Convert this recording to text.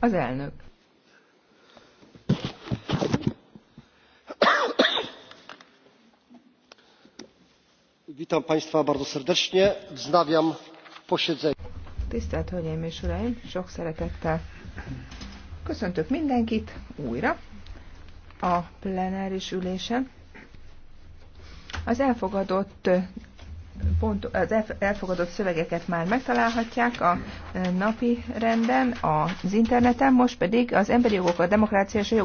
Az elnök. Witam Państwa bardzo serdecznie. Wznawiam posiedzenie. Tisztelt Hölgyeim és Uraim, sok szeretettel köszöntök mindenkit újra a plenáris ülésen. Az elfogadott pont, az elfogadott szövegeket már megtalálhatják a eh, napi renden, az interneten, most pedig az emberi jogok, a demokrácia és a